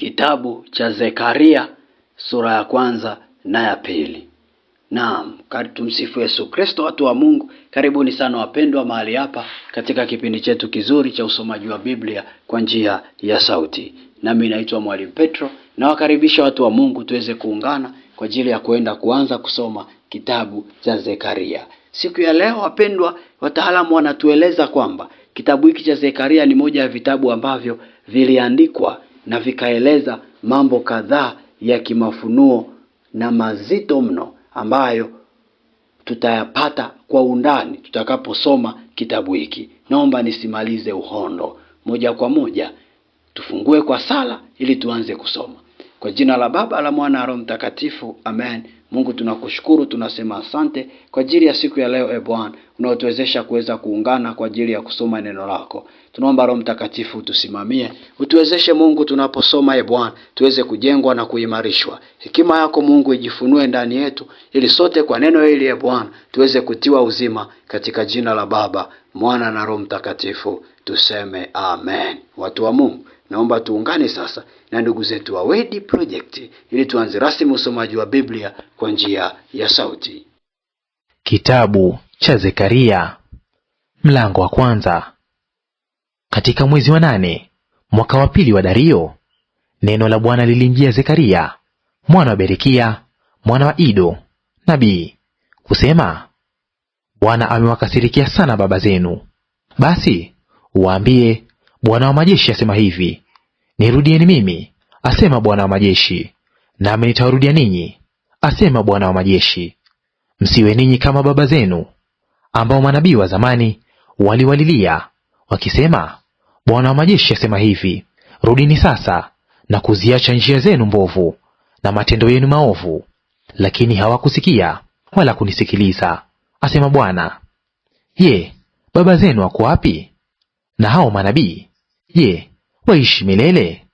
Kitabu cha Zekaria sura ya kwanza na ya pili. Naam, tumsifu Yesu Kristo, watu wa Mungu. Karibuni sana wapendwa mahali hapa katika kipindi chetu kizuri cha usomaji wa Biblia kwa njia ya sauti. Nami naitwa Mwalimu Petro, nawakaribisha watu wa Mungu tuweze kuungana kwa ajili ya kuenda kuanza kusoma kitabu cha Zekaria siku ya leo. Wapendwa, wataalamu wanatueleza kwamba kitabu hiki cha Zekaria ni moja ya vitabu ambavyo viliandikwa na vikaeleza mambo kadhaa ya kimafunuo na mazito mno ambayo tutayapata kwa undani tutakaposoma kitabu hiki. Naomba nisimalize uhondo moja kwa moja, tufungue kwa sala ili tuanze kusoma. Kwa jina la Baba la Mwana na Roho Mtakatifu, amen. Mungu tunakushukuru, tunasema asante kwa ajili ya siku ya leo, e Bwana, unaotuwezesha kuweza kuungana kwa ajili ya kusoma neno lako. Tunaomba Roho Mtakatifu utusimamie, utuwezeshe Mungu tunaposoma, e Bwana, tuweze kujengwa na kuimarishwa. Hekima yako Mungu ijifunue ndani yetu, ili sote kwa neno hili, e Bwana, tuweze kutiwa uzima, katika jina la Baba, Mwana na Roho Mtakatifu tuseme amen. Watu wa Mungu, naomba tuungane sasa na ndugu zetu wa Word Project ili tuanze rasmi usomaji wa Biblia kwa njia ya sauti. Kitabu cha Zekaria mlango wa kwanza. Katika mwezi wa nane mwaka wa pili wa Dario, neno la Bwana lilimjia Zekaria mwana wa Berekia mwana wa Ido nabii kusema, Bwana amewakasirikia sana baba zenu, basi waambie Bwana wa majeshi asema hivi, nirudieni mimi, asema Bwana wa majeshi, nami nitawarudia ninyi, asema Bwana wa majeshi. Msiwe ninyi kama baba zenu, ambao manabii wa zamani waliwalilia wakisema, Bwana wa majeshi asema hivi, rudini sasa na kuziacha njia zenu mbovu na matendo yenu maovu. Lakini hawakusikia wala kunisikiliza, asema Bwana. Je, baba zenu wako wapi? Na hao manabii Je, waishi milele?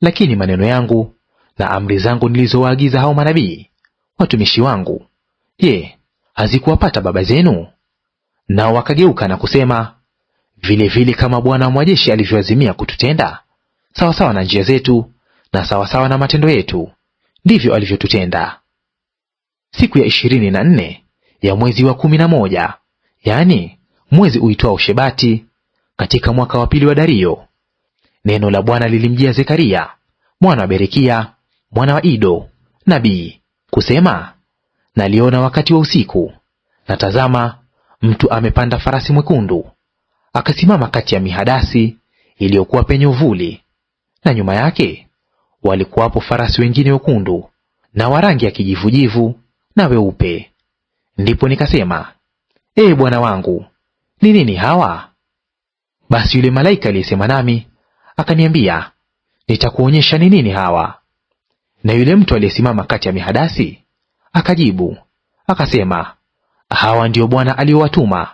Lakini maneno yangu na amri zangu nilizowaagiza hao manabii watumishi wangu, je, hazikuwapata baba zenu? Nao wakageuka na kusema, vilevile vile kama Bwana wa majeshi alivyoazimia kututenda sawasawa na njia zetu na sawasawa na matendo yetu, ndivyo alivyotutenda. Siku ya ishirini na nne ya mwezi wa kumi na moja, yaani mwezi uitwao Shebati, katika mwaka wa pili wa Dario, neno la Bwana lilimjia Zekaria mwana wa Berekia mwana wa Ido nabii kusema, naliona wakati wa usiku, na tazama, mtu amepanda farasi mwekundu, akasimama kati ya mihadasi iliyokuwa penye uvuli, na nyuma yake walikuwapo farasi wengine wekundu na wa rangi ya kijivujivu na weupe. Ndipo nikasema, Ee Bwana wangu, ni nini hawa? Basi yule malaika aliyesema nami akaniambia, nitakuonyesha ni nini hawa. Na yule mtu aliyesimama kati ya mihadasi akajibu akasema, hawa ndio Bwana aliowatuma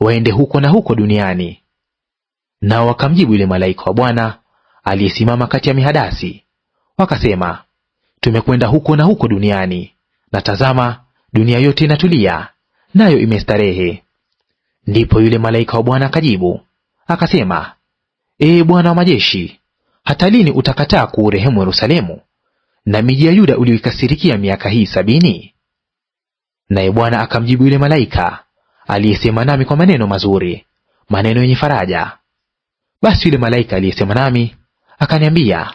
waende huko na huko duniani. Nao wakamjibu yule malaika wa Bwana aliyesimama kati ya mihadasi wakasema, tumekwenda huko na huko duniani, na tazama, dunia yote inatulia, nayo imestarehe. Ndipo yule malaika wa Bwana akajibu akasema, Ee Bwana wa majeshi, hata lini utakataa kuurehemu Yerusalemu na miji ya Yuda uliyoikasirikia miaka hii sabini? Naye Bwana akamjibu yule malaika aliyesema nami kwa maneno mazuri, maneno yenye faraja. Basi yule malaika aliyesema nami akaniambia,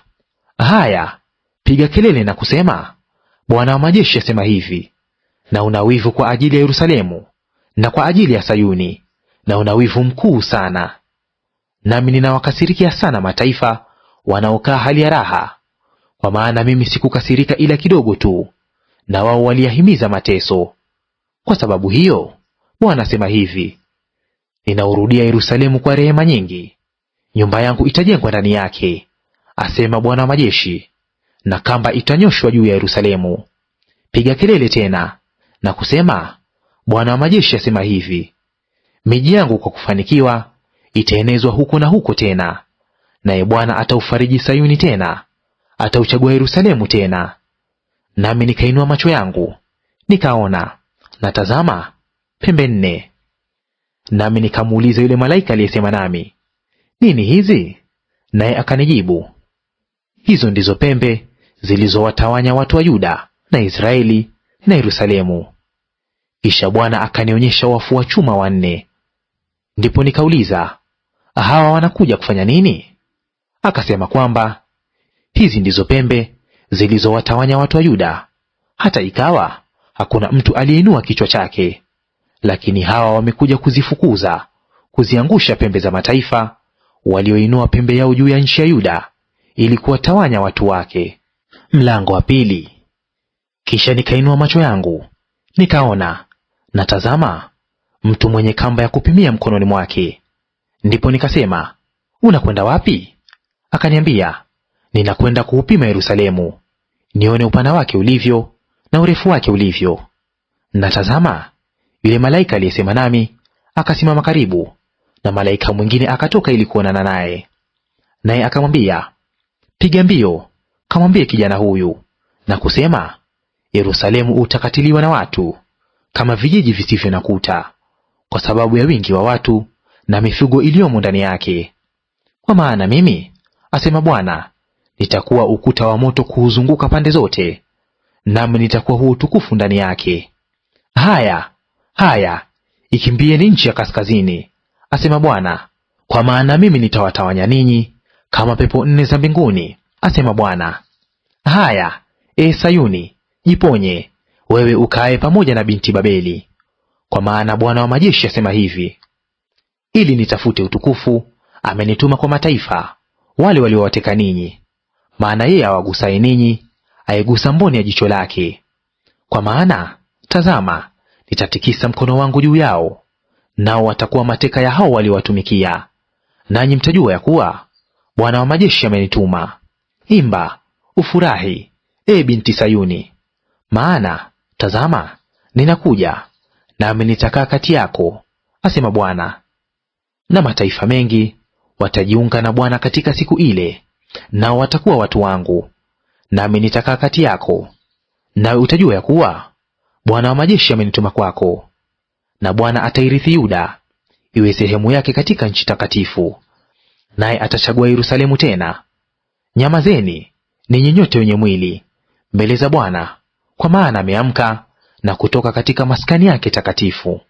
haya, piga kelele na kusema, Bwana wa majeshi asema hivi, na una wivu kwa ajili ya Yerusalemu na kwa ajili ya Sayuni, na una wivu mkuu sana. Nami ninawakasirikia sana mataifa wanaokaa hali ya raha, kwa maana mimi sikukasirika ila kidogo tu, na wao waliyahimiza mateso. Kwa sababu hiyo Bwana asema hivi, ninaurudia Yerusalemu kwa rehema nyingi, nyumba yangu itajengwa ndani yake, asema Bwana wa majeshi, na kamba itanyoshwa juu ya Yerusalemu. Piga kelele tena na kusema, Bwana wa majeshi asema hivi, miji yangu kwa kufanikiwa itaenezwa huko na huko tena. Naye Bwana ataufariji Sayuni tena, atauchagua Yerusalemu tena. Nami nikainua macho yangu nikaona, na tazama, pembe nne. Nami nikamuuliza yule malaika aliyesema nami, nini hizi? Naye akanijibu, hizo ndizo pembe zilizowatawanya watu wa Yuda na Israeli na Yerusalemu. Kisha Bwana akanionyesha wafu wa chuma wanne. Ndipo nikauliza, hawa wanakuja kufanya nini? Akasema kwamba hizi ndizo pembe zilizowatawanya watu wa Yuda, hata ikawa hakuna mtu aliyeinua kichwa chake. Lakini hawa wamekuja kuzifukuza, kuziangusha pembe za mataifa, walioinua pembe yao juu ya nchi ya Yuda ili kuwatawanya watu wake. Mlango wa pili. Kisha nikainua macho yangu nikaona, natazama mtu mwenye kamba ya kupimia mkononi mwake Ndipo nikasema, unakwenda wapi? Akaniambia, ninakwenda kuupima Yerusalemu, nione upana wake ulivyo na urefu wake ulivyo. Na tazama, yule malaika aliyesema nami akasimama karibu, na malaika mwingine akatoka ili kuonana naye. Naye akamwambia, piga mbio, kamwambie kijana huyu na kusema, Yerusalemu utakatiliwa na watu kama vijiji visivyo na kuta, kwa sababu ya wingi wa watu na mifugo iliyomo ndani yake. Kwa maana mimi, asema Bwana, nitakuwa ukuta wa moto kuuzunguka pande zote, nami nitakuwa huo utukufu ndani yake. Haya haya, ikimbieni nchi ya kaskazini, asema Bwana, kwa maana mimi nitawatawanya ninyi kama pepo nne za mbinguni, asema Bwana. Haya, e Sayuni, jiponye, wewe ukae pamoja na binti Babeli, kwa maana Bwana wa majeshi asema hivi, ili nitafute utukufu, amenituma kwa mataifa, wale waliowateka ninyi. Maana yeye awagusaye ninyi aigusa mboni ya jicho lake. Kwa maana tazama, nitatikisa mkono wangu juu yao, nao watakuwa mateka ya hao waliowatumikia. Nanyi mtajua ya kuwa Bwana wa majeshi amenituma. Imba ufurahi, e binti Sayuni, maana tazama, ninakuja, nami nitakaa kati yako, asema Bwana, na mataifa mengi watajiunga na Bwana katika siku ile, nao watakuwa watu wangu, nami nitakaa kati yako, nawe utajua ya kuwa Bwana wa majeshi amenituma kwako. Na Bwana atairithi Yuda iwe sehemu yake katika nchi takatifu, naye atachagua Yerusalemu tena. Nyamazeni ninyi nyote wenye mwili mbele za Bwana, kwa maana ameamka na kutoka katika maskani yake takatifu.